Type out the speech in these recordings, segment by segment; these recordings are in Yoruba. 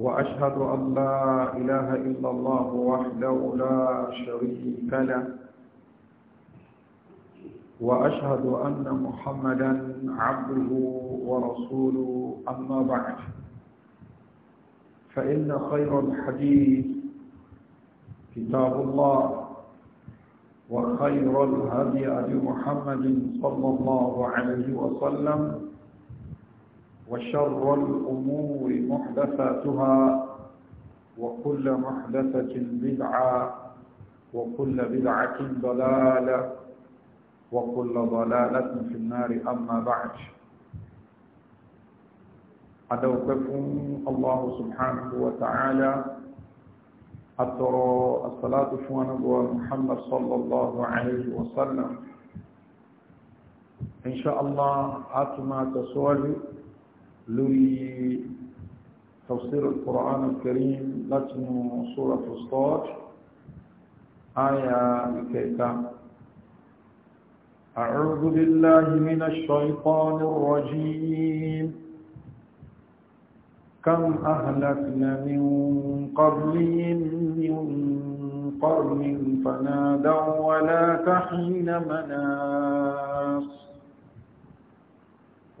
وأشهد أن لا إله إلا الله وحده لا شريك له وأشهد أن محمدا عبده ورسوله أما بعد فإن خير الحديث كتاب الله وخير الهدي محمد صلى الله عليه وسلم وشر الأمور محدثاتها وكل محدثة بدعة وكل بدعة ضلالة وكل ضلالة في النار أما بعد أدوكم الله سبحانه وتعالى أترى الصلاة فوانا محمد صلى الله عليه وسلم إن شاء الله أتما تسولي لوري تفسير القرآن الكريم لتن سورة الصاد آية كيكا أعوذ بالله من الشيطان الرجيم كم أهلكنا من قبلهم من قرن فنادوا ولا تحين مناص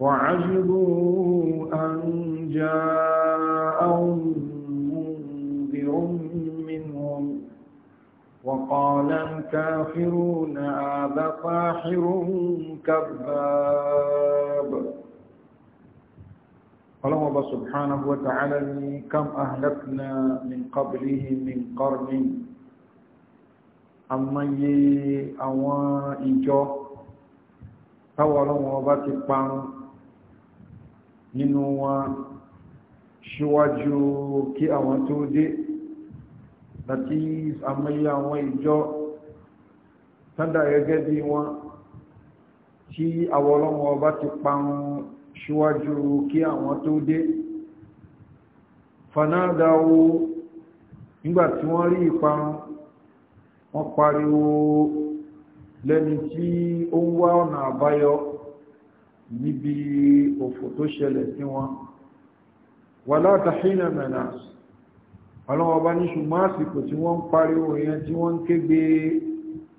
وعجبوا أن جاءهم منذر منهم وقال الكافرون هذا ساحر كذاب قالوا الله سبحانه وتعالى كم أهلكنا من قبله من قرن أما يي أوان إجو تولوا وباتي nínú wọn ṣíwájú kí àwọn tó dé àti àmọ́yí àwọn ìjọ tọ́dà gẹ́gẹ́ bí wọn tí àwọn ọlọ́wọ́ ọba ti parun ṣíwájú kí àwọn tó dé fanádáwó nígbàtí wọ́n rí ìparun wọ́n pariwo lẹ́ni tí ó ń wá ọ̀nà àbáyọ níbi òfò tó ṣẹlẹ̀ sí wọn wà látàhínà mẹ́nà ọlọ́wọ́ bá ní ṣùgbọ́n àsìkò tí wọ́n ń pariwo yẹn tí wọ́n ń kégbe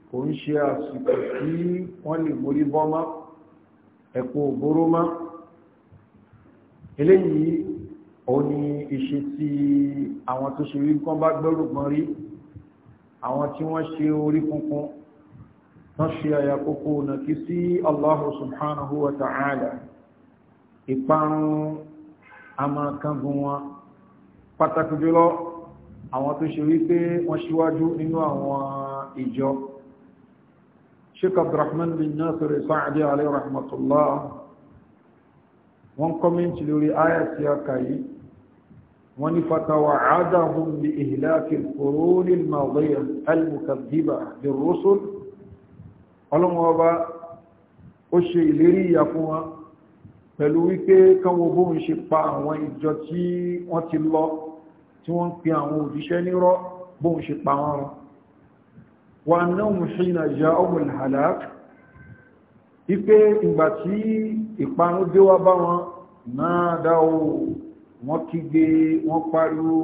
kò ń ṣe àsìkò tí wọ́n lè mórí bọ́ mọ́ ẹ̀kọ́ òbóró mọ́ eléyìí òun ni ìṣe tí àwọn tó ṣe rí kán bá gbẹ́rùgbọ́n rí àwọn tí wọ́n ṣe orí kunkun tọ́ṣíà yakókó na kí sí Allahu subhanahu wa ta'ala ìparun a máa kángun wọn pàtàkì jùlọ àwọn tó ṣe wípé wọ́n ṣíwájú nínú àwọn ìjọ sheik abdurrahman bin nasir sa'adi alayhi rahmatullah wọ́n kọ́mẹ́ntì lórí ayàtí aka wọ́n ní fatawa àádọ́hùn bí ihlaki al-qurun al-madiyya al rusul ọlọ́wọ́n ọba ó ṣe ìlérí ìyà fún wọn pẹ̀lú wípé káwọn bóun ṣe pa àwọn ìjọ tí wọ́n ti lọ tí wọ́n ń pe àwọn òjíṣẹ́ nírọ́ bóun ṣe pa wọ́n rọ wà náà mú sí ìnàjà ọmọlẹ̀ halak wípé ìgbà tí ìparun dé wá bá wọn náà dá o wọ́n kígbe wọ́n pariwo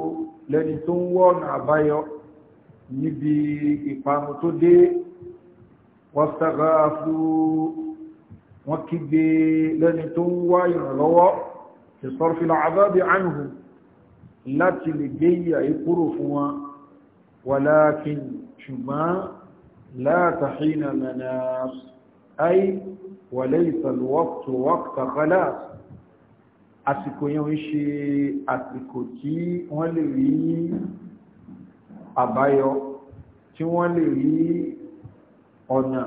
lẹ́ni tó ń wọ́ àbáyọ níbi ìparun tó dé wọ́stàgáfú wọ́n kígbe lẹ́ni tó ń wá ìrànlọ́wọ́ ti sọ́rọ̀fìlà àbábí ánìhù láti lè gbé ìyà ìkúrò fún wọn walakin ṣùgbọ́n látàhínà manas ay walaysa alwaqtu ọ̀nà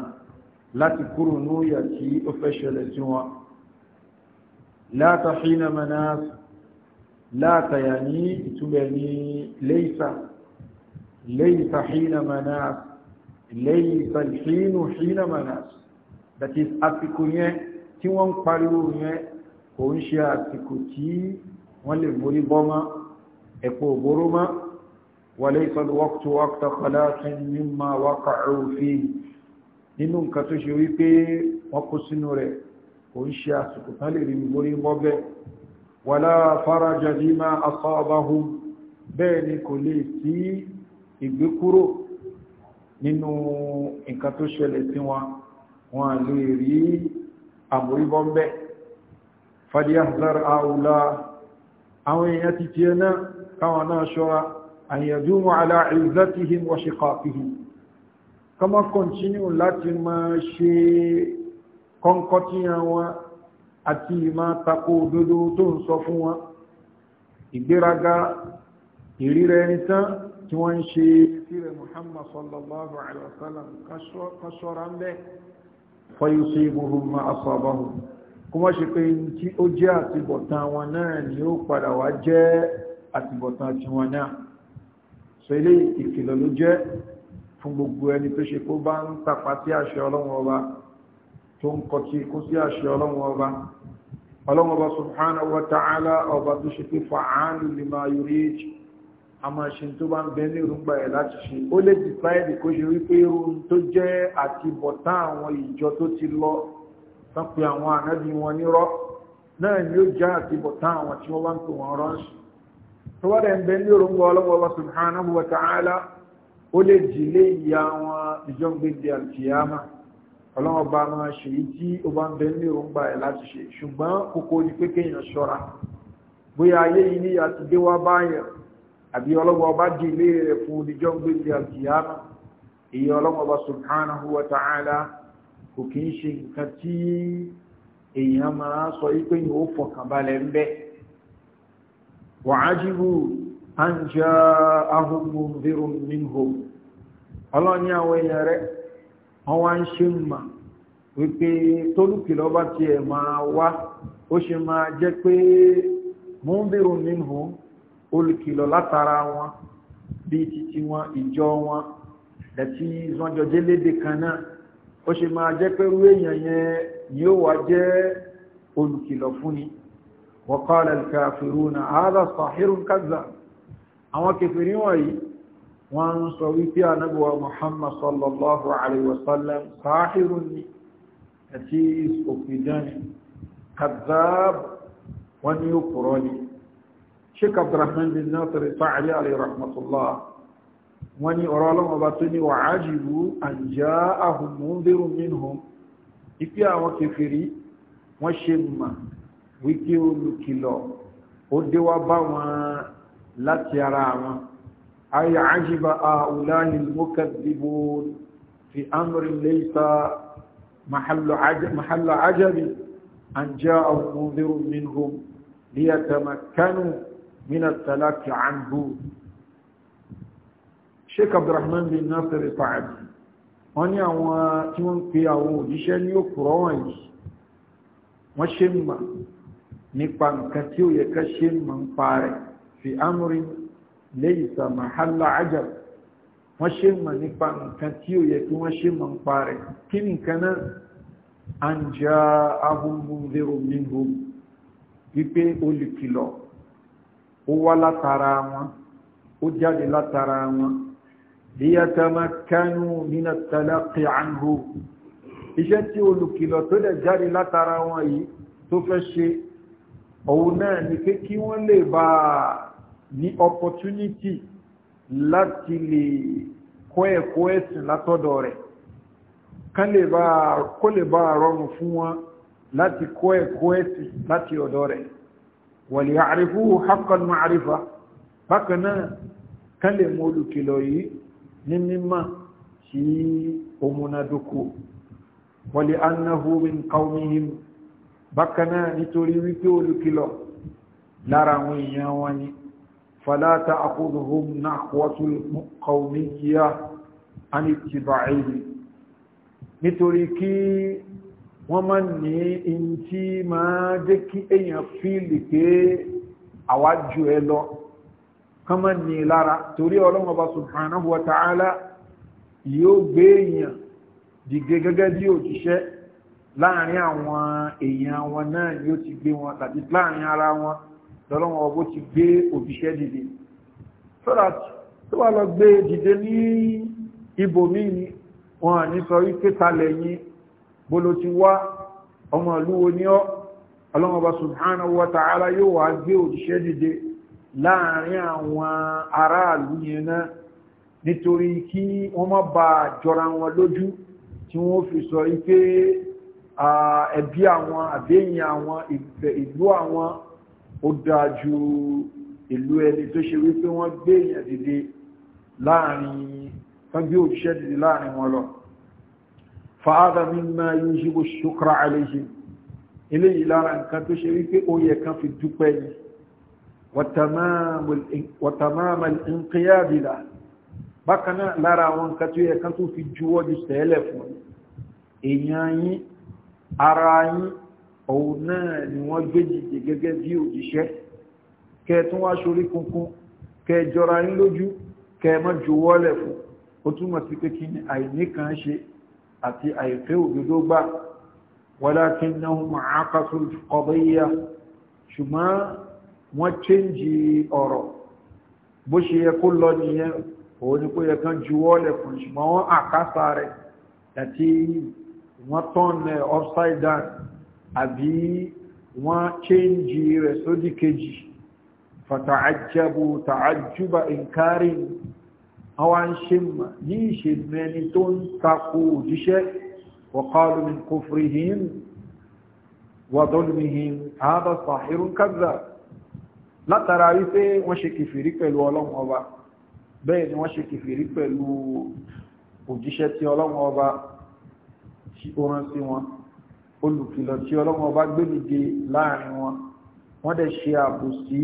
láti kúrò núyà tí ó fẹ́ ṣẹlẹ̀ sí wọn láta hínà manas láta yà ní ìtumẹ̀ ní lẹ́ìsà lẹ́ìsà hínà manas lẹ́ìsà hínú hínà manas that is àsìkò yẹn tí wọ́n ń pariwo yẹn kò ń ṣe àsìkò tí wọ́n lè borí bọ́má ẹ̀kọ́ ògbóró wà lẹ́ìsà waqtu waqta khalaqin mimma nínú nǹkan tó ṣe wípé wọ́n kó sínú rẹ̀ kò ń ṣe àsìkò tán lè rí borí mọ́bẹ̀ wala faraja lima asabahum bẹ́ẹ̀ ni kò lè sí ìgbékúrò nínú nǹkan tó ṣẹlẹ̀ sí wọn wọn lè rí àmúríbọ́m̀bẹ́ kọmọ kọntínú láti máa ṣe kọ́ńkọ́tíyàn wọn àti ìmá tako òdodo tó ń sọ fún wọn ìgbéraga ìríra ẹni tán tí wọ́n ń ṣe sílẹ̀ muhammad sallallahu alaihi wasallam kásọ́ra ń bẹ́ fayose ibuhun ma asọ́bọ̀hun kúmọ́ ṣe pé tí ó jẹ́ àtibọ̀tán wọn náà ni ó padà wá jẹ́ àtibọ̀tán tiwọn náà fún gbogbo ẹni tó ṣe kó bá ń tàpá sí àṣẹ ọlọ́run ọba tó ń kọtí kó sí àṣẹ ọlọ́run ọba ọlọ́run ọba subhanahu wa ta'ala ọba tó ṣe pé fa'alu lima yurid a máa ṣe tó bá ń bẹ ní ìrúgbà ẹ̀ láti ṣe ó lè dìsáìdì kó ṣe wípé irun tó jẹ́ àti bọ̀tá àwọn ìjọ tó ti lọ tán pé àwọn ànábì wọn nírọ́ náà ni ó já àti bọ̀tá àwọn tí wọ́n bá ń pè wọ́n ránṣẹ́ tó wá dẹ̀ ń bẹ ní ìrúgbà ọlọ́run ọba subhanahu wa ta'ala ó lè jìlé ìyá wọn ìjọ́gbédé àtìyámà ọlọ́wọ́ bá máa ṣe yí tí ó bá ń bẹ ní òǹgbà ẹ̀ láti ṣe ṣùgbọ́n kókó ni pé kéèyàn ṣọ́ra bóyá ayé yìí ní àtidé wá báyàn àbí ọlọ́wọ́ bá di ilé rẹ̀ fún ìjọ́gbédé èyí ọlọ́wọ́ bá an ja'ahum mundhirun minhum ọlọ́ni àwọn èèyàn rẹ̀ wọ́n wá ń ṣe mà wípé tólùkìlọ́ bá tiẹ̀ máa wá ó ṣe máa jẹ́ pé mundhirun minhum olùkìlọ̀ látara wọn bíi títí wọn ìjọ wọn ẹ̀tí ìzọ́njọjẹ́ léde kan náà ó ṣe máa jẹ́ pé rú èèyàn yẹn yóò wá jẹ́ olùkìlọ̀ fúnni wa qala al-kafiruna hadha sahirun àwọn kèfèrí wọ̀nyí wọ́n ń sọ wípé anábíwa muhammad sallallahu alaihi wasallam sáàhírùn ni àti ìsòkìdánì kàzáàb wọ́n ni ó kúrọ́ ni sheik abdurrahman bin nasir sa'ali alayhi rahmatullah wọ́n ni ọ̀rọ̀ ọlọ́mọba tó ní wà ájìbú àjá ahùn mundhirun minhum àwọn kèfèrí wọ́n ṣe mà wípé olùkìlọ̀ ó déwá bá wọn لك يا أي عجب أولان المكذبون في أمر ليس محل عجب, محل عجب أن جاء منذر منهم ليتمكنوا من التلاك عنه شيخ عبد الرحمن بن ناصر صعب wọ́n ni àwọn tí wọ́n ń pe àwọn òjíṣẹ́ ní òkúrọ̀ wọ́n yìí wọ́n ṣe mọ̀ nípa nǹkan tí ó yẹ ká ṣe mọ̀ ń pa rẹ̀ fi amúrí laysa mahalla ajab wọ́n ṣe mọ̀ nípa nǹkan tí ó yẹ kí wọ́n ṣe mọ̀ ń pa rẹ̀ kí nìkan náà an ja'ahum mundhirun minhum wípé olùkìlọ̀ ó wá látara wọn ó jáde látara wọn liyatamakkanu min at-talaqqi anhu iṣẹ́ tí olùkìlọ̀ tó dẹ̀ jáde látara wọn yìí tó fẹ́ ṣe òun náà ni pé kí wọ́n lè bá a ní opportunity láti lè kọ́ ẹ̀kọ́ ẹ̀sìn látọ́dọ̀ rẹ̀ kó lè bá rọrùn fún wọn láti kọ́ ẹ̀kọ́ ẹ̀sìn láti ọ̀dọ̀ rẹ̀ wàlẹ̀ àrífú hakan ma'arifa bákan náà kan lè mọ olùkìlọ̀ yìí ní mímọ̀ tí ó múnádókò wàlẹ̀ annahu min qaumihim nítorí wípé olùkìlọ̀ lára àwọn èèyàn wọn ni فلا تأخذهم نحوة القومية عن اتباعه nítorí kí wọ́n má ní in tí máa jẹ́ kí èyàn fíìlì pé àwájú ẹ lọ kán má ní lára torí ọlọ́run ọba subhanahu wa ta'ala yóò gbé èyàn dìde gẹ́gẹ́ bí òjíṣẹ́ láàrin àwọn èyàn wọn náà yóò ti gbé wọn tàbí láàrin ara wọn lọ́lọ́wọ́ ọgbó ti gbé òbíṣẹ́ dìde sọ́dá tó wà lọ gbé dìde ní ibòmí ni wọ́n à ní sọ wípé talẹ̀ yìí bolo ti wá ọmọ ìlú wo ọ́ ọlọ́mọba subhanahu wa ta'ala yóò wá gbé òjíṣẹ́ dìde láàrin àwọn aráàlú yẹn náà nítorí kí wọ́n má ba jọra wọn lójú tí wọ́n fi sọ wípé ẹbí àwọn àbẹ́yìn àwọn ìlú àwọn ó dáa ju ìlú ẹni tó ṣe wípé wọ́n gbé èèyàn dìde láàrin wọ́n gbé òṣìṣẹ́ dìde láàrin wọn lọ fàádà mímọ̀ yìí ṣe bó ṣokra àlejò eléyìí lára nǹkan tó ṣe wípé ó yẹ kan fi dúpẹ́ ni wàtàmáàmà ìǹkìyàdìlà bákan náà lára àwọn nǹkan tó yẹ kan tó fi juwọ́ di sẹ́lẹ̀ fún èèyàn yín ara yín òun náà ni wọ́n gbé jìjì gẹ́gẹ́ bí òjíṣẹ́ kẹ tún wá ṣorí kunkun kẹ jọra yín lójú kẹ mọ́ juwọ́lẹ̀ fún ó túmọ̀ sí pé kí ni àìní kan ṣe àti àìfẹ́ òdodo gbà walakinnahum aqasu al-qadiyya ṣùgbọ́n wọ́n chẹ́ǹjì ọ̀rọ̀ bó ṣe yẹ kó upside down àbí wọ́n chéńjì rẹ̀ sódì kejì fàtàájábù tàájúbà ìkárin àwọn ṣe ní ìṣe mẹni tó ń takò òjíṣẹ́ وقالوا من كفرهم وظلمهم هذا صاحر كذاب látara wípé wọ́n ṣe kìfìrí pẹ̀lú ọlọ́run ọba bẹ́ẹ̀ ni wọ́n ṣe kìfìrí pẹ̀lú òjíṣẹ́ tí ọlọ́run olùkìlọ̀ tí ọlọ́run ọba gbé nìde láàrin wọn wọ́n dẹ̀ ṣe àbòsí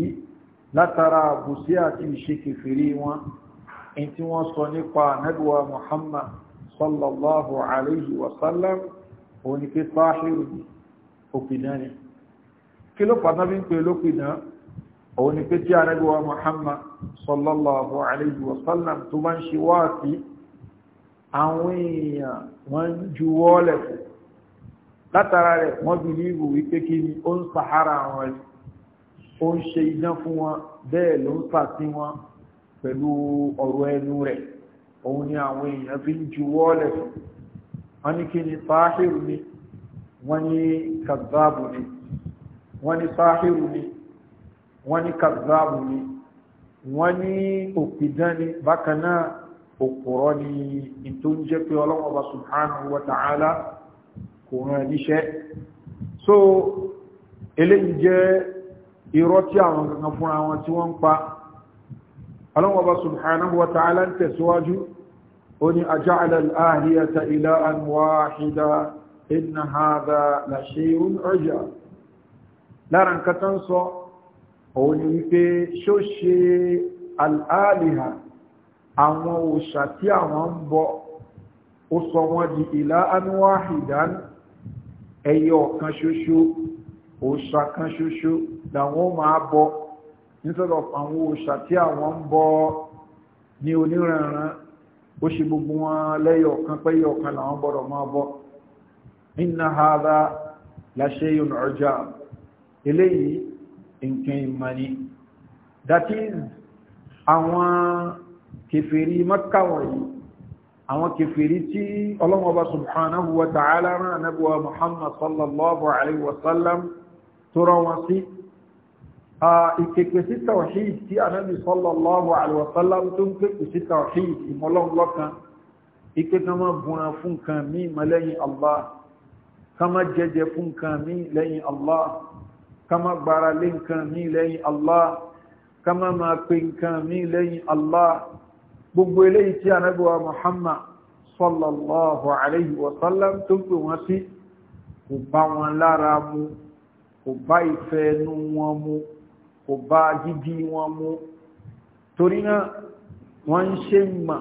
látara àbòsí àti ìṣe kèfèrí wọn in tí wọ́n sọ nípa nẹ́dùwà Muhammad sallallahu alayhi wa sallam òun ni pé sáàṣírù ní òpìdán ni kí ló pàtàkì bí ń pè lópìdán òun látara rẹ̀ wọ́n bí ní ìwò wípé kí ni ó ń sàárà wọn rí ó ń ṣe idán fún wọn bẹ́ẹ̀ ló ń sà sí wọn pẹ̀lú ọ̀rọ̀ ẹnu rẹ̀ òun ni àwọn èèyàn fi ń ju wọ́ọ̀lẹ̀ fún wọn ní kí ni sáhìrù ni wọ́n ní kàzáàbù ni wọ́n ní sáhìrù ni wọ́n ní kàzáàbù ni wọ́n ní òpìdán ni bákan náà òpùrọ́ ni ìtò pé ọlọ́wọ́ bá subhanahu wa ta'ala kò rán níṣẹ́ so eléyìí jẹ́ irọ́ tí àwọn kankan fúnra wọn tí wọ́n ń pa ọlọ́wọ́ bá subhanahu wa ta'ala ń tẹ̀síwájú ó ní aja'ala al-ahiyata ilahan wahida inna hadha la shay'un urja lára nǹkan tán ni wípé àwọn òṣà tí àwọn ń bọ ó sọ wọ́n di ilahan wahidan ẹyọ kan ṣoṣo òòṣà kan ṣoṣo làwọn máa bọ of àwọn òòṣà tí àwọn ń bọ ní oníranran ó ṣe gbogbo wọn lẹ́yọ kan pẹ́yọ kan làwọn gbọ́dọ̀ máa bọ inna hadha la shay'un ujab eléyìí nǹkan ìmọ̀ni that is àwọn kèfèrí mọ́kà wọ̀nyí àwọn kèfèrí tí ọlọ́wọ́ bá subhanahu wa ta'ala rán anábíwa muhammad sallallahu alaihi wasallam tó rán wọn sí ìkèkè sí tawhid tí anábí sallallahu alaihi wasallam tó ń pèkè sí tawhid ìmọ́lọ́lọ́kan ike kama bùnà fún kan mí lẹ́yìn allah kama jẹjẹ fún kan mí lẹ́yìn allah kama gbára lé nǹkan mí lẹ́yìn allah kama máa pè nǹkan mí lẹ́yìn allah gbogbo eléyìí tí ànábì wa Muhammad sallallahu alayhi wa sallam tó pè wọ́n sí kò bá wọn lára mu kò bá ìfẹ́ inú wọn mu kò bá gidi wọn mu torí náà wọ́n ń ṣe mọ̀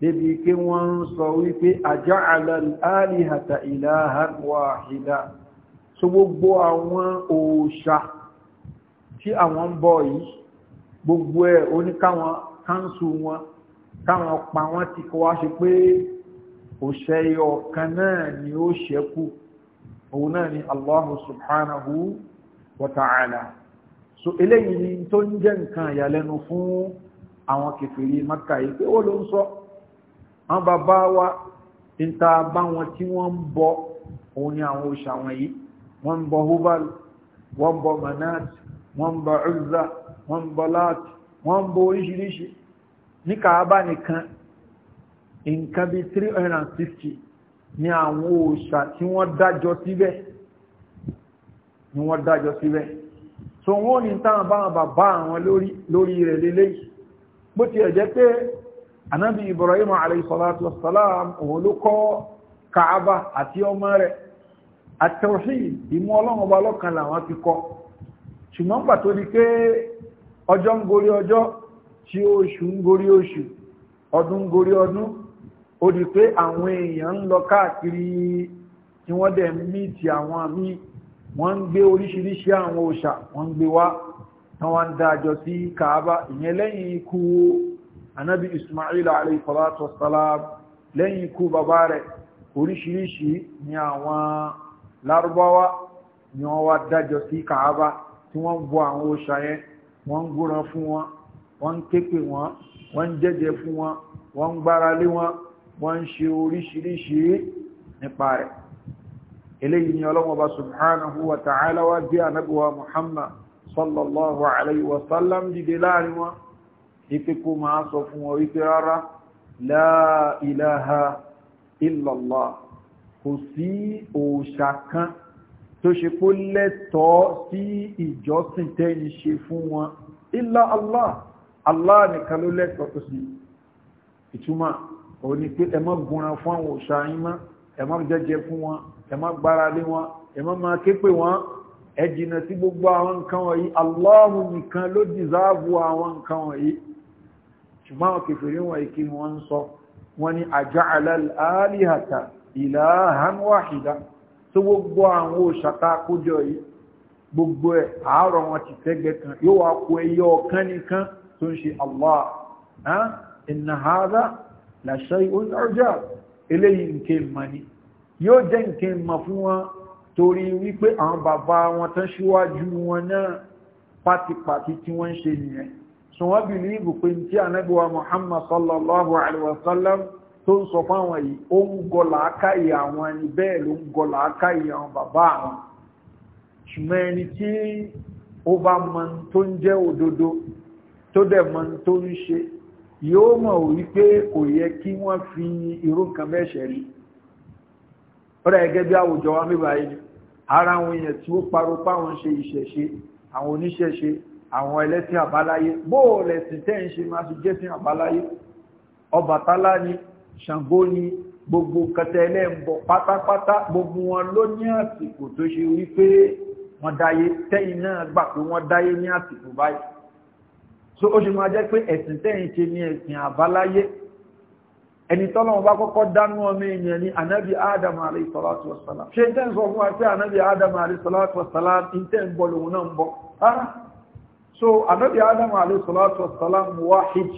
débi pé wọ́n ń sọ wípé aja'ala al-alihata ilahan wahida so gbogbo àwọn òòṣà tí àwọn ń bọ̀ yìí gbogbo ẹ̀ oníkáwọn káńsù wọn káwọn pa wọ́n ti kọ́ wá ṣe pé òṣẹ́ ọ̀kan náà ni ó ṣẹ́kù òun náà ni Allahu subhanahu wa ta'ala so eléyìí ni tó ń jẹ́ nǹkan ìyàlẹ́nu fún àwọn kèfèrí Mákà yìí pé ó ló ń sọ àwọn bàbá wa ń bá wọn tí wọ́n ń bọ òun ni àwọn òṣà wọn yìí wọ́n ń bọ Hubal wọ́n ń bọ Manat wọ́n ń bọ Uzza wọ́n ń bọ Lat wọ́n ń bọ oríṣiríṣi ní kàábà nìkan nǹkan bí 360 ni àwọn òòṣà tí wọ́n dájọ́ síbẹ̀ ni wọ́n dájọ́ síbẹ̀ so wọ́n ní táwọn báwọn bàbá àwọn lórí rẹ̀ lélẹ́yìí bó ti ẹ̀jẹ́ pé anábi Ibrahim alayhi salatu wassalam òun ló kọ́ kàábà àti ọmọ rẹ̀ àtẹ̀wọ̀síì ìmú ọlọ́run ọba ọjọ́ ń gorí ọjọ́ tí oṣù ń gorí oṣù ọdún ń gorí ọdún ó di pé àwọn èèyàn ń lọ káàkiri tí wọ́n dẹ̀ ń mìtì àwọn àmì wọ́n ń gbé oríṣiríṣi àwọn òòṣà wọ́n ń gbé wá tán wá ń dájọ sí Kaaba ìyẹn lẹ́yìn ikú anabi Ismail alayhi salatu wassalam lẹ́yìn ikú bàbá rẹ̀ oríṣiríṣi ni àwọn lárúbáwá ni wọ́n wá dájọ sí Kaaba tí wọ́n ń bọ àwọn òòṣà yẹn wọ́n ń gúnran fún wọn wọ́n ń képe wọn wọ́n ń jẹ́jẹ fún wọn wọ́n ń gbára lé wọn wọ́n ń ṣe oríṣiríṣi nípa rẹ̀ eléyìí ni ọlọ́mọba subhanahu wa ta'ala wa bí anabuwa muhammad sallallahu alayhi wa dìde láàrin wọn ipe kó máa sọ fún wọn wípé rárá la ilaha kò sí òòṣà kan tó ṣe kó lẹ́tọ̀ọ́ sí ìjọsìn tẹ́ni ṣe fún wọn illa Allah nìkan ló lẹ́tọ̀ọ́ tó sí ìtumọ̀ òun ni pé ẹ má gunra fún àwọn òṣà yín mọ́ ẹ má jẹjẹ fún wọn ẹ má gbára lé wọn ẹ má máa ké pè wọn ẹ jìnà sí gbogbo àwọn nǹkan wọ̀nyí Allah nìkan ló dìsáàbù àwọn nǹkan wọ̀nyí ṣùgbọ́n àwọn kèfèrè wọ̀nyí kí wọ́n ń sọ wọ́n ni aja'ala al-alihata ilahan tó gbogbo àwọn òṣàtà àkójọ yìí gbogbo ẹ̀ àárọ̀ wọn ti tẹ́gbẹ́ kan yóò wá kó ẹyọ ọ̀kan nìkan tó ń ṣe allah inna hadha la shay'un ujab eléyìí nke mọ̀ ni yóò jẹ́ nke mọ̀ fún wọn torí wípé àwọn bàbá wọn tán ṣíwájú wọn náà pátipàti tí wọ́n ń ṣe nìyẹn so wọ́n bí ní ìbùpé tí ànábíwa muhammad sallallahu alaihi wasallam tó ń sọ fáwọn yìí ó ń gọlà ákáyì àwọn ẹni bẹ́ẹ̀ ló ń gọlà ákáyì àwọn bàbá àwọn ṣùgbọ́n ẹni tí ó bá mọ tó ń jẹ́ òdodo tó dẹ̀ mọ́ tó ń ṣe yóò mọ̀ wípé kò yẹ kí wọ́n fi irú nǹkan bẹ́ẹ̀ ṣẹ̀rí ọ̀rẹ́ ẹgẹ́ bí àwùjọ wa mí báyìí ara àwọn èèyàn tí ó parọ́ páwọn ṣe ìṣẹ̀ṣe àwọn oníṣẹ̀ṣe àwọn ẹlẹ́sìn àbáláyé bóò lẹ̀sìn tẹ́ ń ṣe máa fi jẹ́sìn àbáláyé Ọbàtálá ni Ṣàngó ni gbogbo kẹta ẹlẹ́m̀bọ̀ pátápátá gbogbo wọn ló ní àsìkò tó ṣe wípé wọ́n dáyé tẹ́yìn náà gbà pé wọ́n dáyé ní àsìkò báyìí so ó ṣe máa jẹ́ pé ẹ̀sìn tẹ́yìn ṣe ní ẹ̀sìn àbáláyé ẹni tọ́lọ́wọ́ bá kọ́kọ́ dánú ọmọ èèyàn ní anábì adam alayhi salatu wassalam ṣe wa pé anábì adam alayhi salatu so anábì adam alayhi salatu wassalam wahid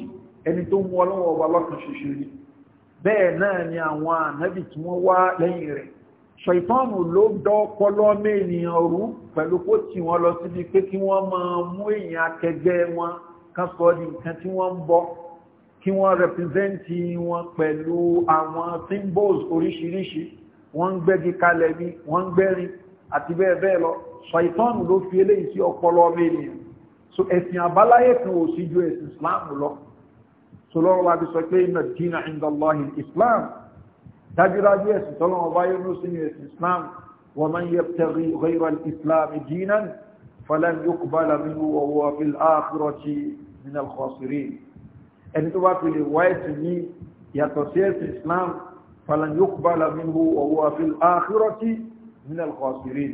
ẹni tó mú ọlọ́wọ́ ọba lọ́kàn ṣoṣo ni ni àwọn anábì tí wọ́n wá lẹ́yìn rẹ̀ ṣọ̀ìtọ́nù ló dọ́pọ̀lọ́ mẹ́nìyàn rú pẹ̀lú kó tí wọ́n kan sọ di nǹkan tí wọ́n ń bọ́ kí wọ́n rẹpìsẹ́ntì wọn pẹ̀lú àwọn symbols oríṣiríṣi wọ́n ń gbẹ́gi kalẹ̀ ní wọ́n ń gbẹ́rin àti bẹ́ẹ̀ bẹ́ẹ̀ lọ ṣàìtọ́nù ló fi eléyìí sí ọpọlọ ọmọ ènìyàn so ẹ̀sìn àbáláyé kan ò sí ju ẹ̀sìn islam lọ so lọ́rọ̀ wa bí sọ pé iná dínà min al-khasirin ẹni tó bá fi lè wá ẹ̀sìn ní yàtọ̀ sí ẹ̀sìn islam falan yuqbala minhu wa huwa fil akhirati min al-khasirin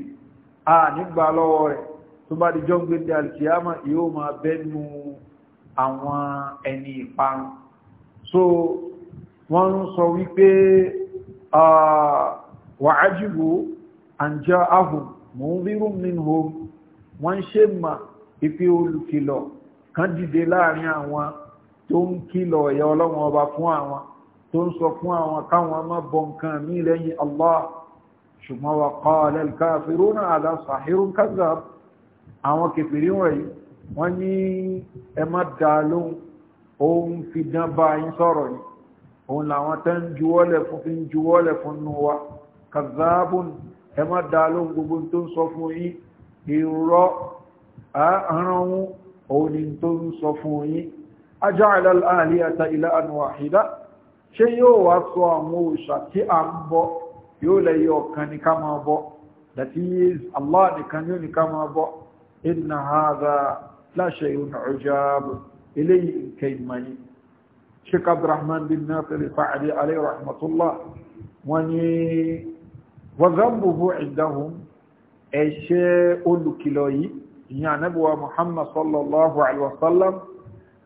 a nígbà lọ́wọ́ rẹ̀ tó bá di jọ́ngbé di alkiyama yóò máa bẹ́nu àwọn ẹni ìparun so wọ́n ń sọ wípé wàájúwò àjá ahùn mọ̀ ń rírùn nínú wọ́n ṣe mà ìpé olùkìlọ̀ kan dìde láàrin àwọn tó ń kìlọ̀ ẹ̀yà ọlọ́run ọba fún àwọn tó ń sọ fún àwọn káwọn má bọ nǹkan mí lẹ́yìn Allah ṣùgbọ́n wa qala al-kafiruna hadha sahirun kazzab àwọn kèfèrí wọ̀nyí wọ́n ní ẹ má dá lóhun òun fi dán bá yín sọ̀rọ̀ yìí òun làwọn tẹ́ ń juwọ́lẹ̀ fún fi ń juwọ́lẹ̀ fún nù wa kazzabun ẹ má gbogbo tó ń sọ fún yín irọ́ àárán òun ni tó ń sọ fún yín aja'ala al-alihata ilahan wahida ṣé yóò wá sọ àwọn òòṣà tí a ń bọ yóò lẹ́yẹ ọ̀kan ní ká máa bọ that is Allah nìkan yóò ní ká máa bọ inna hadha la shay'un 'ujab olùkìlọ̀ yìí ìyẹn ànábíwá muhammad sallallahu alaihi wasallam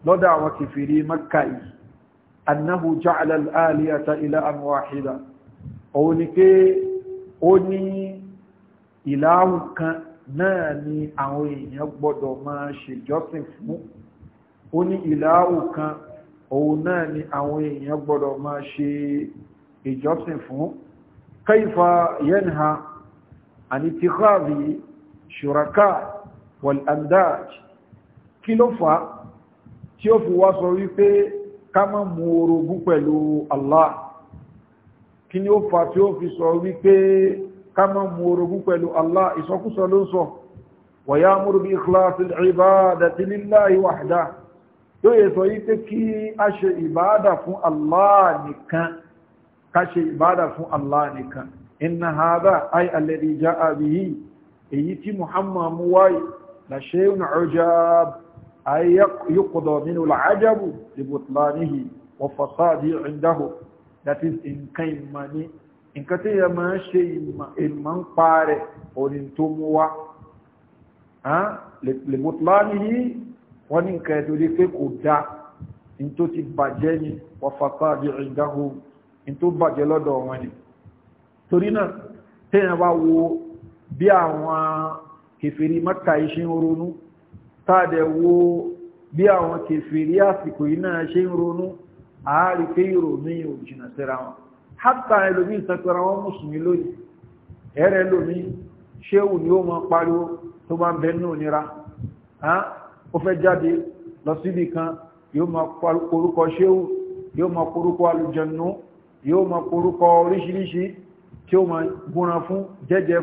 lọ́dọ̀ àwọn kìfìrí makka yìí annahu ja'ala al-aliyata ilahan wahida òun ni pé ó ní ìlàhùn kan náà ni àwọn èèyàn gbọ́dọ̀ máa ṣèjọ́sìn fún ó ní ìlàhùn kan òun náà ni àwọn èèyàn gbọ́dọ̀ máa ṣe ìjọ́sìn fún kaifa yanha àni tìkáàbì ṣùrakáà wal-andaj kí ló fà á tí ó fi wá sọ wípé ká má mú orogún pẹ̀lú Allah kí ni ó fà tí ó fi sọ wípé ká má mú orogún pẹ̀lú Allah ìsọkúsọ ló ń sọ wa ya'muru bi ikhlasi al-ibadati lillahi wahdahu tó yẹ sọ yí pé kí a ṣe ìbáadà fún Allah nìkan ká ṣe ìbáadà fún Allah nìkan inna hadha ay alladhi ja'a bihi èyí tí Muhammad mú wáyé لشيء عجاب أي يقضى منه العجب لبطلانه وفساده عنده that is in كان ماني in كتي ما شيء ما من قارئ وننتموا ها لبطلانه وان كذلك كودا in tó ti bàjẹ́ ni wa fasadi عنده in tó bàjẹ́ lọ́dọ̀ wọn ni torí náà téèyàn bá wo bí àwọn kèfèrí mọ́ta iṣẹ́ ń ronú tàdẹ̀ wo bí àwọn kèfèrí àsìkò iná ṣe ń ronú ààrí pé ìrònú òjìnà síra wọn hátà ẹlòmí ìsẹ́pẹ̀rẹ̀ wọn mùsùlùmí lónìí ẹ̀rẹ̀ lómi ṣéwù ni ó mọ pariwo tó bá ń bẹ ní ònira ó fẹ́ jáde lọ síbi kan yóò mọ orúkọ ṣéwù yóò mọ orúkọ alùjẹnu yóò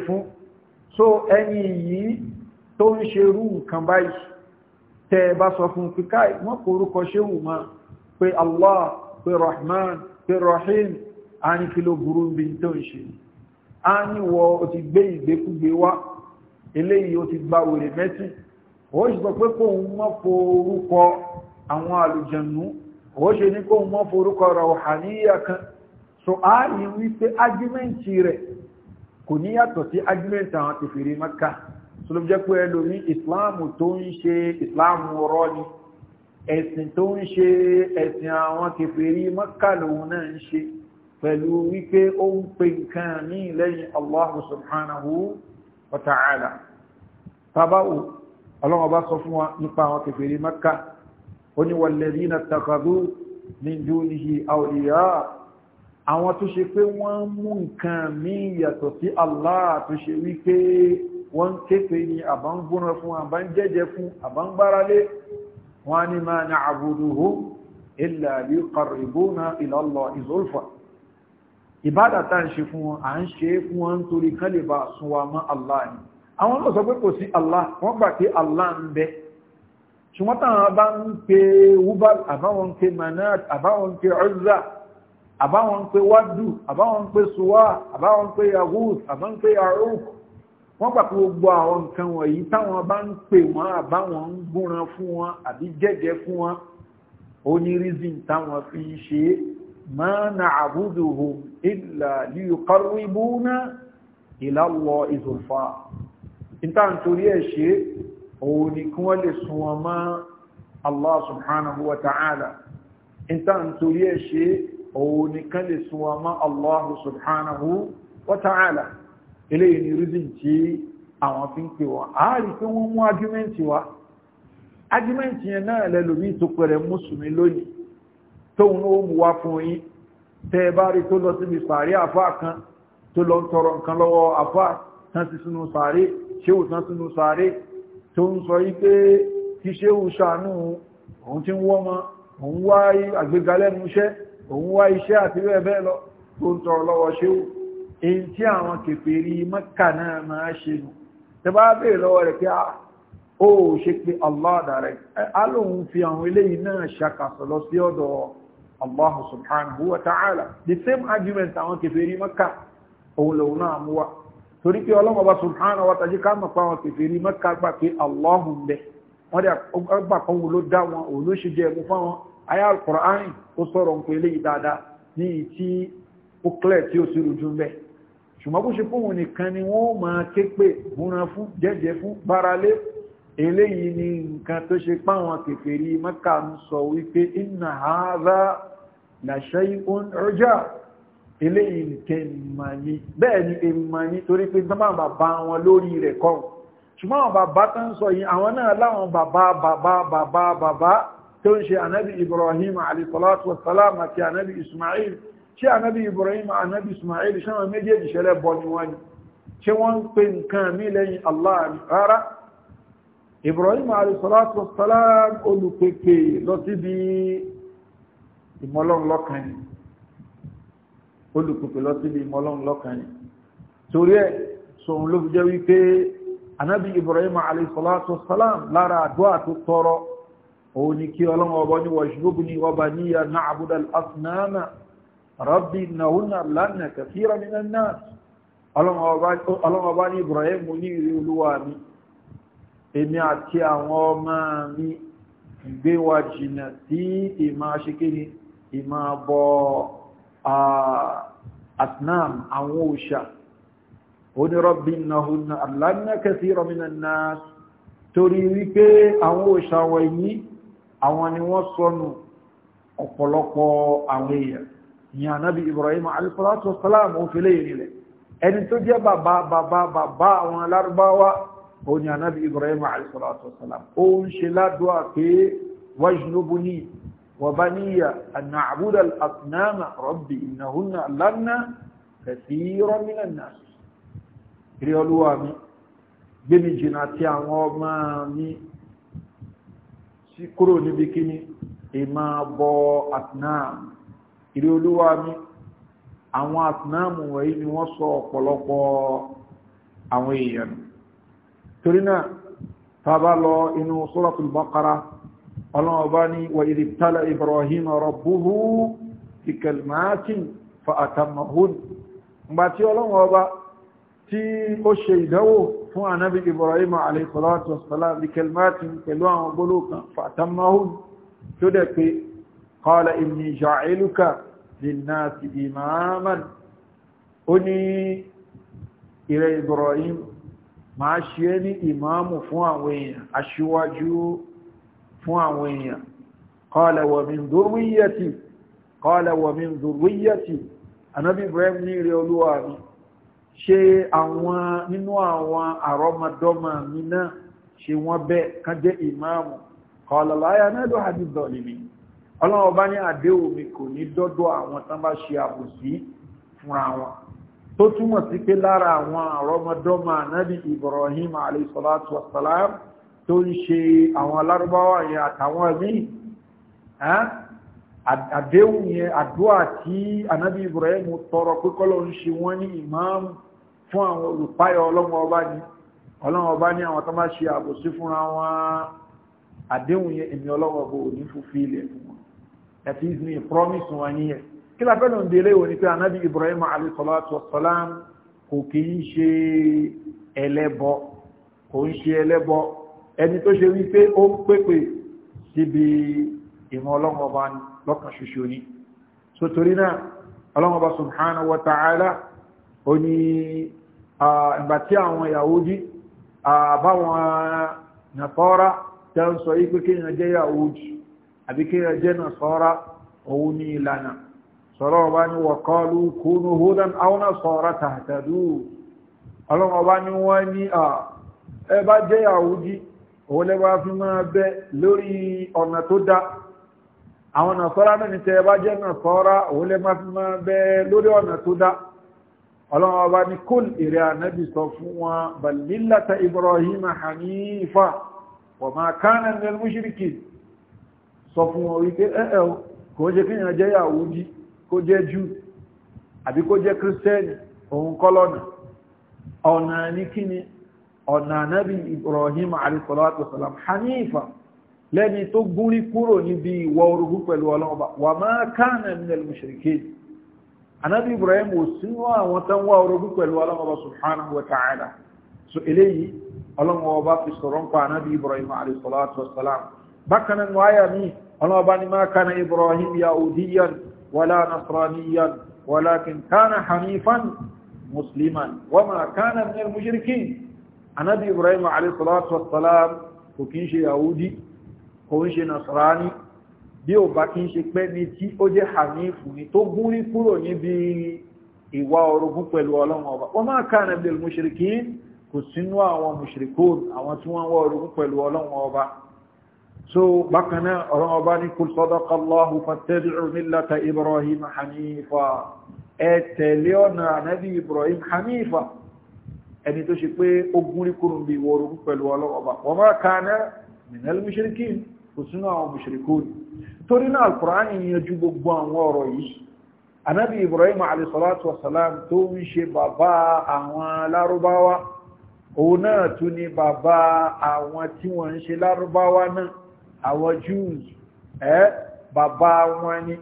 mọ so ẹni yìí tó ń ṣe rú nǹkan báyìí bá sọ fún wọ́n kò ṣéhù pé Allah pé Rahman pé Rahim a ní kí ló ṣe a ní wọ o ti gbé ìgbékúgbé wá eléyìí o ti gba wèrè mẹ́sìn ó ṣe sọ pé ń mọ́ kan so a yìí wípé kò ní yàtọ̀ sí argument àwọn ti fèrè maka tó ló jẹ́ pé ẹlòmí ìsìláàmù tó ń ṣe ìsìláàmù ọ̀rọ̀ ni ẹ̀sìn tó ń ṣe ẹ̀sìn àwọn ti fèrè maka lòun náà ń ṣe pẹ̀lú wípé ó ń pe nǹkan ní lẹ́yìn allahu subhanahu wa ta'ala tabawo ọlọ́wọ́ bá sọ fún wa nípa àwọn ti fèrè maka ó ní wàlẹ́dínà takadú min dúnihi awliya àwọn tó ṣe pé wọ́n mú nǹkan míì yàtọ̀ sí Allah tó ṣe wípé wọ́n ń képe ni àbá ń gbóná fún àbá ń jẹ́jẹ́ fún àbá ń gbáralé wọ́n ni máa na àbúrúhù illa liqarribuna ila Allahi ìbádà tá ń ṣe fún wọn à ń ṣe fún wọn torí kán lè bá sún wa mọ́ Allah ni àwọn náà pé kò sí Allah wọ́n gbà pé Allah ń bẹ ṣùgbọ́n táwọn bá ń pe wúbá àbáwọn pe manat àbáwọn pe Uzza àbáwọn ń pe wádùú àbáwọn ń pe suwa àbáwọn ń pe yahud àbáwọn ń pe yaruk wọ́n gbà pé gbogbo àwọn nǹkan wọ̀nyí táwọn bá ń pè wọ́n àbáwọn ń gúnran fún wọn àbí jẹ́jẹ́ fún wọn onírísìn táwọn fi ń ṣe é ma na abuduhu illa liyuqarribuna ila Allah izulfa inta torí ẹ̀ ṣe òun ni kí wọ́n lè sun wọn mọ́ Allah subhanahu wa ta'ala inta torí ẹ̀ ṣe òun ni kán lè sun ọmọ Allah subhanahu wa ta'ala eléyìí ni reason tí àwọn fi ń pè wọ́n àárí pé wọ́n mú argument wá argument yẹn náà lẹ́lòmí tó pẹ̀rẹ̀ mùsùlùmí lónìí tóun ó mú wá fún yín tẹ́ ẹ bá rí tó lọ síbi sàárè àfáà kan tó lọ ń tọrọ nǹkan lọ́wọ́ àfáà tán sí sínú sàárè ṣéhù tán sínú sàárè tó ń sọ wípé kí ṣéhù ṣàánú òun ti ń wọ́mọ òun wá àgbégalẹ́nu iṣẹ́ òun wá iṣẹ́ àti bẹ́ẹ̀ bẹ́ẹ̀ lọ tó ń tọrọ lọ́wọ́ ṣéwù èyí tí àwọn kèfèrí mọ́kà náà máa ṣe nù tẹ bá bèèrè lọ́wọ́ rẹ̀ pé ó ṣe pé Allah direct alóhun fi àwọn eléyìí náà ṣàkàsọ̀ lọ sí ọ̀dọ̀ Allah wọ́n dẹ̀ gbà wo ló dá wọn òun ló ṣe jẹ́ ẹ̀mú fáwọn ayá alkùnrin ó sọ̀rọ̀ nǹkan eléyìí dáadáa ní ìtí ó clear tí ó sì rújú ń bẹ́ ṣùgbọ́n bó ṣe fóun nìkan ni wọ́n máa ké pé múra fún jẹ́jẹ́ fún gbáralé eléyìí ni nǹkan tó ṣe páwọn kèfèrí mẹ́ka ń sọ wípé inna hadha la shay'un urja eléyìí nìkẹ́ ìmàní bẹ́ẹ̀ ni tó ń ṣe ànábì ibrahim alayhisalatu wasalam àti ànábì ismail ṣé ànábì ibrahim ànábì ismail ṣé wọn méjèèjì ṣẹlẹ̀ bọ ni wọn ni ṣé wọn ń pe nǹkan mí lẹ́yìn allah ni rárá ibrahim alayhisalatu wasalam olùpèpè lọ síbi ìmọ̀lọ́run lọ́kan ni olùpèpè lọ síbi ìmọ̀lọ́run lọ́kan ni torí ẹ̀ sọ̀run ló fi jẹ́ wípé ànábì ibrahim alayhisalatu wasalam lára àdúrà tó tọrọ òun ni kí ọlọ́run ọba ní wàṣílóbù ní ọba ní ya náà àbúdá asnáàmà rabbi nahunna lánà kàfíra nínú náà ọlọ́run ọba ní ibrahim ní ìrí olúwa mi èmi àti àwọn ọmọ mi gbé wa jìnà sí ìmá ṣekéni ìmá bọ asnáàmà àwọn òṣà ó ní rabbi nahunna lánà kàfíra nínú náà torí wípé àwọn òṣà wọ̀nyí àwọn ni wọ́n sọnù ọ̀pọ̀lọpọ̀ àwọn èèyàn ni ànábì Ibrahim alisalatu wasalam ó fi léyìn nílẹ̀ ẹni tó jẹ́ bàbá bàbá bàbá àwọn alárúbáwá ó ní ànábì Ibrahim alisalatu wasalam ó ń ṣe ládùá pé wajnubuni wa baniya an na'buda al-asnama rabbi innahunna lanna kathiran minan àwọn ọmọ sí kúrò níbi kíní ìmá bọ atnam ìrí olúwa mi àwọn atnam wọ̀nyí ni wọ́n sọ ọ̀pọ̀lọpọ̀ àwọn èèyàn torí náà tàbá lọ inú suratul Baqara ọlọ́ọ̀bá ní wa idh ibtala Ibrahim rabbuhu bi kalimatin fa atammahun ngbàtí ọlọ́wọ́ ọba tí ó ṣe ìdánwò fún anábi ibrahim alaihissalatu wassalam bí kelmati pẹ̀lú àwọn gbólókan fatamahun tó dẹ̀ pé qala inni ja'iluka linnasi imaman ó ní ìrẹ̀ ibrahim máa ṣe ní ìmáàmù fún àwọn èèyàn aṣíwájú fún àwọn èèyàn qala wa min dhurriyyati qala wa min ibrahim ní ìrẹ̀ olúwa ṣe àwọn nínú àwọn àrọmọdọ́mọ mi náà ṣe wọ́n bẹ́ kán jẹ́ ìmáàmù kọlọ̀láyà mẹ́lú àdìdọ̀ nìmi ọlọ́wọ́ bá ní àdéhùn mi kò ní dọ́dọ̀ àwọn tán bá ṣe àbòsí fúnra wọn tó túmọ̀ sí pé lára àwọn àrọmọdọ́mọ anábì ibrahim alayhisalatu wasalam tó ń ṣe àwọn alárúbáwá yẹn àtàwọn míì àdéhùn yẹn àdúrà tí anábì ibrahim tọrọ pé kọ́lọ̀ ń ṣe wọ́n ní ìmáàmù fún àwọn olùpáyọ̀ ọlọ́run ọba ni ọlọ́run ọba ní àwọn tó bá ṣe àbòsí fúnra wọn àdéhùn yẹn èmi ọlọ́run ọba ò ní fúfú ilẹ̀ fún wọn that is me promise wọn nìyẹn kí la fẹ́ràn délé wò ni pé anábì ibrahim alayhi salatu wassalam kò kì í ṣe ẹlẹ́bọ kò ń ṣe ẹlẹ́bọ ẹni tó ṣe wípé ó ń pépè síbi ìmọ̀ ọlọ́run ọba ni lọ́kàn ṣoṣo ni so torí náà ọlọ́run ọba subhanahu wa ta'ala ó ní ìgbà tí àwọn Yahudi àbáwọn nàtọ́ra tẹ́ ń sọ yí pé kéèyàn jẹ́ Yahudi àbí kéèyàn jẹ́ nàtọ́ra òun ní ìlànà sọ̀rọ̀ ọba ni wa qalu kunu hudan aw nasara tahtadu ọlọ́run wọ́n ní ẹ bá jẹ́ Yahudi òun lẹ́wàá fi máa bẹ lórí ọ̀nà tó dáa àwọn nàṣọ́rá náà ní tẹ́ bá jẹ́ nàṣọ́rá òun lè máa fi máa bẹ lórí ọ̀nà tó dá ọlọ́run ọba ní kúl ìrẹ́ ànábì sọ fún wọn balílàta ibrahim hanifa wà máa kánà ní ẹlmúṣíríkì sọ fún wọn wípé ẹ́ẹ̀ kò jẹ́ kíyàn jẹ́ yàwúdí kó jẹ́ jù àbí kó jẹ́ kírísítẹ́nì òun kọ́lọ́nà ọ̀nà ní kíni ọ̀nà ànábì ibrahim alayhi salatu hanifa lẹ́ni tó gúnrí kúrò níbi ìwọ orogún pẹ̀lú ọlọ́ọ̀bá wà máa káànà minal mushrikin anábì ibrahim ò sínú àwọn tán wá orogún pẹ̀lú ọlọ́ọ̀bá subhanahu wa ta'ala so eléyìí ọlọ́ọ̀bá fi sọ̀rọ̀ ń pa anábì ibrahim alayhi salatu wassalam bákan náà wáyà míì ọlọ́ọ̀bá ni máa káànà ibrahim yahudiyan wala nasraniyan walakin kò kí ń ṣe yahudi kò ń ṣe nasarani bí ò bá kí ń ṣe pẹ́ ní tí ó jẹ́ hanifu ni tó gún ní kúrò níbi ìwà orogún pẹ̀lú ọlọ́run ọba wọ́n máa ká ẹ̀nà bíi mùṣìríkí kò sínú àwọn mùṣìríkó àwọn tí wọ́n wá orogún pẹ̀lú ọlọ́run ọba so bákan náà ọlọ́run ọba ní ẹni tó ṣe pé ó gún kúrò níbi ìwà orogún pẹ̀lú ọlọ́run ọba wọ́n máa ká ẹ̀nà minal mushrikin kò sínú àwọn mushrikun torí náà al-Qur'an yanjú gbogbo àwọn ọ̀rọ̀ yìí anabi ibrahim alayhisalatu wasalam tó ń ṣe bàbá àwọn lárúbáwá òun náà tún ni bàbá àwọn tí wọ́n ń ṣe lárúbáwá náà àwọn jews ẹ́ bàbá wọn ni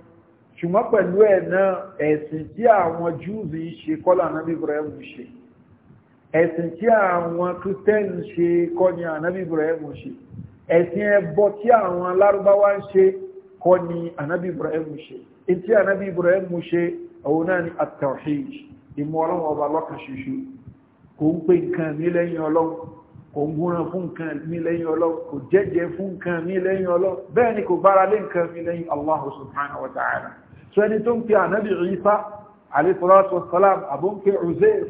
ṣùgbọ́n pẹ̀lú ẹ̀ náà ẹ̀sìn tí àwọn jews ń ṣe kọ́lá anabi ibrahim ṣe ẹ̀sìn tí àwọn christian ṣe kọ́ ni anabi ibrahim ṣe ẹ̀sìn ẹbọ tí àwọn alárúbáwá ń ṣe kọ́ ni anábì ibrahim ṣe etí anábì ibrahim ṣe òun náà ni at-tawhid ìmú ọlọ́run ọba lọ́kàn ṣoṣo kò ń pè nǹkan ní lẹ́yìn ọlọ́run kò ń gúnran fún nǹkan ní lẹ́yìn ọlọ́run kò jẹ́jẹ́ fún nǹkan ní lẹ́yìn ọlọ́run bẹ́ẹ̀ ni kò gbára lé nǹkan ní lẹ́yìn allah subhanahu wa ta'ala so ẹni tó ń pe anábì isa alayhi salatu wa ń pe uzair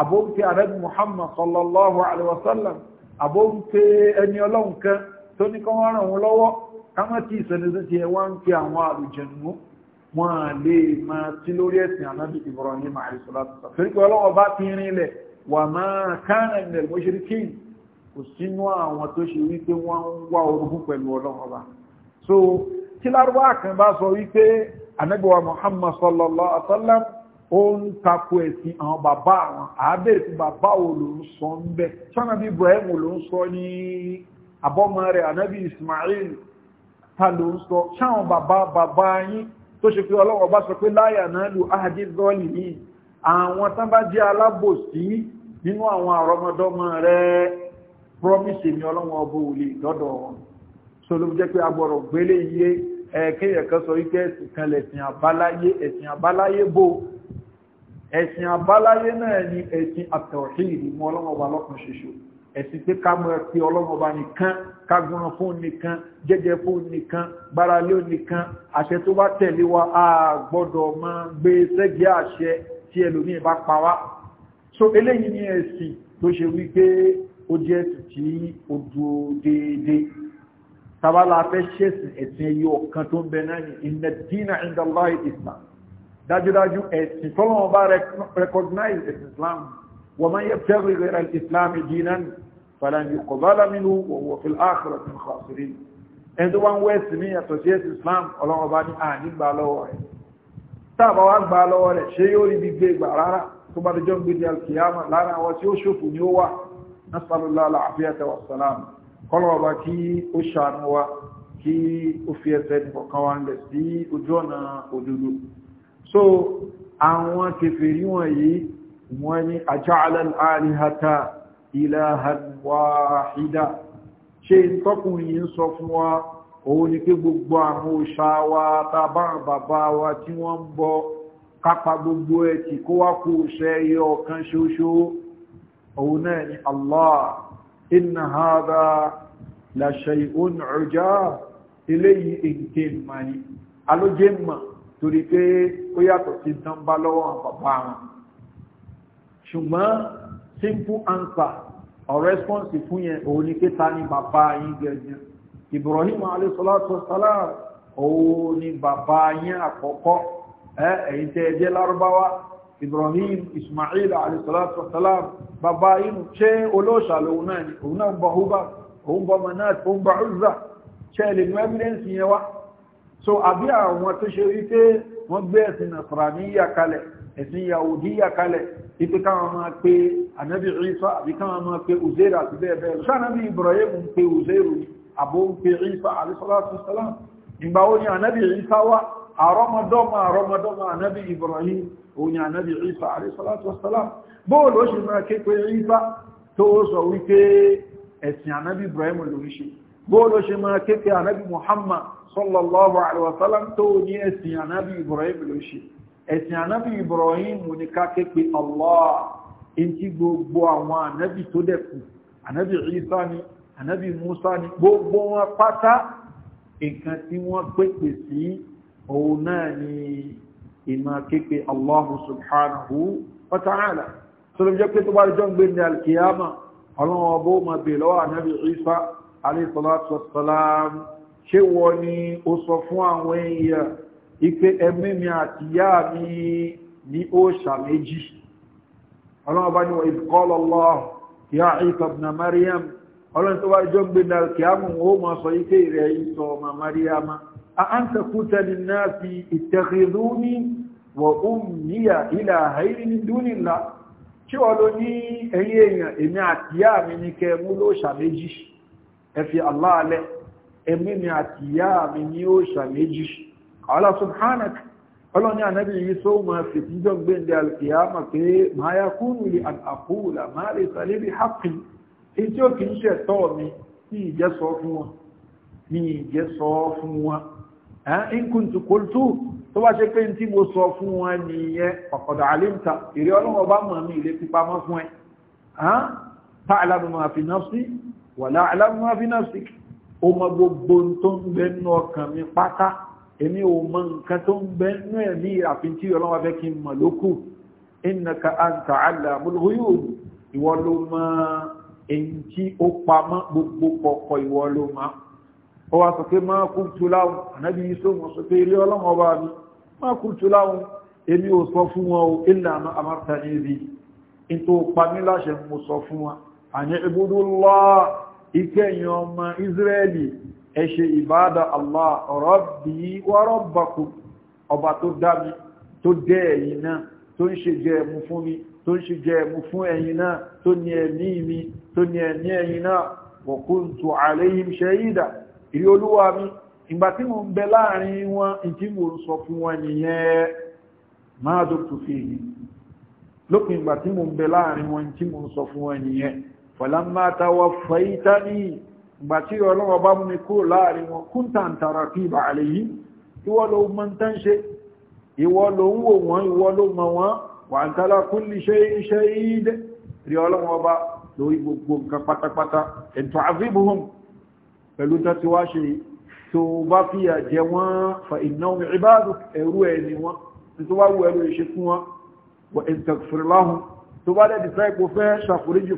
àbó ń pe anábì muhammad sallallahu alayhi wa sallam àbó ń pe ẹni ọlọ́run kan tó ní kọ́ wọ́n ràn wọ́n lọ́wọ́ kámọ́ tí ìṣẹ̀lẹ̀ tó ti ẹwà ń pe àwọn àlùjẹ̀nú wọn à lè máa tí lórí ẹ̀sìn anábì Ibrahim àìsọ̀láṣà máa kánà ilẹ̀ so tí lárúbá kan bá sọ wípé anábì wa Muhammad sallallahu ó ń takò ẹ̀sìn àwọn bàbá àwọn àábẹ̀ẹ̀sì bàbá wo ló ń sọ ń bẹ́ sọ́nàbí Ibrahim ló ń sọ ní àbọ́mọ rẹ̀ ànábì Ismail ta ló ń sọ sáwọn bàbá bàbá yín tó ṣe pé ọlọ́wọ́ bá sọ pé láyà náà lu ahadi zọ́ọ̀lì yìí àwọn tán bá jẹ́ alábòsí nínú àwọn àrọmọdọ́mọ rẹ̀ promise mi ọlọ́wọ́ ọbọ̀ òlì lọ́dọ̀ wọn so ló jẹ́ pé agbọ̀rọ̀ gbélé iye ẹ̀kẹ́yẹ̀kẹ́ sọ wípé ẹ̀sìn kan lẹ̀sìn àbáláyé ẹ̀sìn àbáláyé bò ẹ̀sìn àbáláyé náà ni ẹ̀sìn at-tawhid mọ ọlọ́mọba lọ́kàn ṣoṣo ẹ̀sìn pé ká mọ̀ pé ọlọ́mọba nìkan ká gbọ́nà fún nìkan jẹ́jẹ́ fún nìkan gbáralé nìkan àṣẹ tó bá tẹ̀lé wa a gbọ́dọ̀ máa gbé sẹ́gbẹ́ àṣẹ tí ẹlòmíì bá pa wá so eléyìí ni ẹ̀sìn tó ṣe wípé ó jẹ́ ẹ̀sìn tí ó dúró déédéé tabala fẹ́ ṣẹ̀sìn ẹ̀sìn ẹyọ ọ̀kan tó ń bẹ náà ní inna ad-dina dájúdájú ẹ̀sìn tọ́lọ́wọ́ bá recognize islam wọ́n máa yẹ fẹ́rẹ̀ ìrẹ́ra islam dinan falan yuqbala minhu wa huwa fil akhirati min khasirin ẹni tó wá ń wẹ́sì ní yàtọ̀ sí ẹ̀sìn islam ọlọ́wọ́ bá ní àní gbà lọ́wọ́ rẹ̀ táàbà wá gbà lọ́wọ́ rẹ̀ ṣé yóò rí bí gbé gbà rárá tó bá dẹjọ́ gbé ojú ọ̀nà òdodo so àwọn kèfèrí wọ̀nyí wọ́n ni aja'alal alihata ilahan wahida ṣe ń tọ́kùnrin yìí ń sọ fún wa òun ni pé gbogbo àwọn òṣà wa tàbá bàbá wa tí wọ́n ń bọ kápa gbogbo ẹ̀ tí kó wá kú ṣe ẹyọ ọ̀kan ṣoṣo òun náà ni Allah inna hada la shay'un ujab eléyìí èké mani alójé mọ̀ torí pé ó yàtọ̀ sí nọ́mbà lọ́wọ́ àwọn bàbá wọn ṣùgbọ́n simple answer or response fún yẹn òun ni pé ta ni bàbá yín gẹ̀ẹ́gẹ́ Ibrahim alayhi salatu wassalam òun ni bàbá yín àkọ́kọ́ ẹ̀yin tẹ́ jẹ́ lárúbáwá Ibrahim Ismail alayhi salatu wassalam bàbá yín ṣé olóòṣà lòun náà ni òun náà ń bọ̀ òun bọ̀ manat òun bọ̀ ọ̀zà ṣe lè mú evidence yẹn wá so àbí àwọn tó ṣe rí pé wọ́n gbé ẹ̀sìn nasaraniya kalẹ̀ ẹ̀sìn yahudiya kalẹ̀ ipe káwọn máa pe anabi isa àbí káwọn máa pe uzera àti bẹ́ẹ̀ bẹ́ẹ̀ lọ́sọ́ anabi ibrahim ń pe uzeru àbó ń pe isa àbí sọ́láṣí sọ́lám ìgbà wo ni anabi isa wá àrọ́mọdọ́mọ àrọ́mọdọ́mọ anabi ibrahim òun ni anabi tó sọ bóòlò ṣe máa kéfẹ́ ànábì muhammad sallallahu alaihi wasallam tó ní ẹ̀sìn ànábì ibrahim ló ṣe ẹ̀sìn ànábì ibrahim ní ká kéfẹ́ allah in ti gbogbo àwọn ànábì tó dẹ̀kù ànábì isa ni ànábì musa ni gbogbo wọn pátá nǹkan tí wọ́n pèpè sí òun náà ni ìmọ̀ kéfẹ́ allah subhanahu wa ta'ala sọlọ́jọ́ pé tó bá jọ́ ń gbé ní alkiyama ọlọ́wọ́ bó ma bè lọ́wọ́ ànábì isa alayhi salatu wassalam ṣé wọ́n ni ó sọ fún àwọn èèyàn ipe ẹ̀mí mi àti ìyá mi ní ó ṣàméjì ọlọ́run bá ní wọ́n ìkọlọ́lọ́ ya Isa ibn Maryam ọlọ́run tó wá jọ ń gbé náà kí á mú ó mọ̀ sọ ike rẹ̀ Isa wọ́n ló ní ẹ̀yẹ́ èèyàn èmi àti ìyá mi ní kẹ mú ló ṣàméjì ẹ̀fì aláàlẹ́ ẹ̀mí mi àti ìyá mi ní ó ṣàméjì Allah subhanak ọlọ́ni ànábì yìí só mọ̀ fìtíjọ́ gbẹ̀ndẹ̀ alkiyama pé máa yá kúrù lè àkúrà máa lè sàlẹ̀ bí hapi èyí tí ó kìí ṣe tọ́ mi ní ìjẹ́ sọ fún wọn ní ìjẹ́ sọ fún wọn ẹ́n kùntù kòltù tó bá ṣe pé tí mo sọ fún wọn nìyẹn ọ̀kọ̀dà àlímta ìrẹ́ ọlọ́wọ́ bá mọ̀ mí ilé pípamọ́ fún ẹ wàlá aláwọ̀ fi nafsik o mọ gbogbo tó ń bẹ nínú ọkàn mi pátá èmi ò mọ nǹkan tó ń bẹ nínú ẹ̀mí àfi tí ọlọ́wọ́ fẹ́ kí n mọ̀ lókù innaka anta allamul ghuyub ìwọ ló mọ èyí tí ó pamọ́ gbogbo kọ̀kọ̀ ìwọ ló mọ́ ó wá sọ pé máa kú tu láwọn ànábì yusuf wọn sọ pé ilé ọlọ́wọ́ bá mi máa kú tu èmi ò sọ fún wọn o ìlànà amárta ní ibi nítorí pamí mo sọ fún wọn àní ibùdó lọ́ọ́ ìkẹyìn ọmọ israeli ẹ ṣe ìbádà allah rabbi wa ọba tó dá tọ tó dẹ́ ẹ̀yin náà tó ń ṣe jẹ ẹ̀mú fún mi tó ń ṣe jẹ ẹ̀mú fún ẹ̀yin náà tó ní ẹ̀mí mi tó ní ẹ̀mí ẹ̀yin náà wa kuntu ìrí olúwa mi ìgbà tí mo ń bẹ láàrin fọlámà tàwà fàyítà ní ìgbà tí ọlọ́wọ́ bá mú mi kó láàrin wọn kúntà ń tàrà kí ibà àlè yìí ìwọ ló mọ ń tán ṣe ìwọ ló ń wò wọ́n ìwọ ló mọ wọ́n wà ń tàlá kú lè ṣe iṣẹ́ ìdẹ́ rí ọlọ́wọ́ bá lórí gbogbo tó bá fìyà jẹ wọ́n fa iná ìbáàdù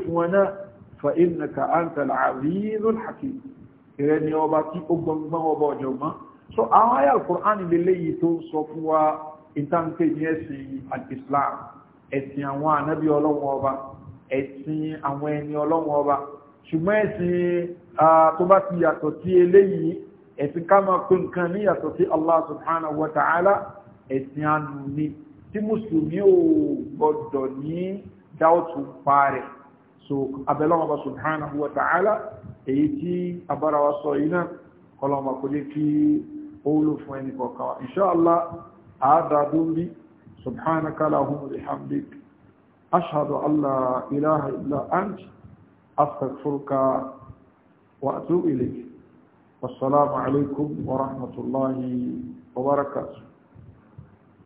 fún wọn náà fa innaka anta al-azizul hakim ìrẹ́ ni ọba tí ó gbọmgbọ́n ọba ọ̀jọ̀gbọ́n so àwọn ayé al-Qur'an lélẹ́ yìí tó ń sọ fún wa ìtànkè ní ẹ̀sìn al-Islam ẹ̀sìn àwọn ànábì ọlọ́wọ́n ọba ẹ̀sìn àwọn ẹni ọlọ́wọ́n ọba ṣùgbọ́n ẹ̀sìn tó bá ti yàtọ̀ sí eléyìí ẹ̀sìn ká máa pín nǹkan ní yàtọ̀ sí Allah subhanahu wa ta'ala ẹ̀sìn ànú ni tí mùsùlùmí ò gbọdọ̀ ní dáòtù pa so abẹ́lọ́wọ́ bá subhanahu wa ta'ala èyí tí abára wa sọ iná kọlọmọ kò lè fi oòlù fún ẹni kọ̀ọ̀kọ̀wà inṣáàlá àádádún bí subhanaka lahum bihamdik ashhadu an la ilaha illa ant astaghfiruka wa rahmatullahi wa barakatuh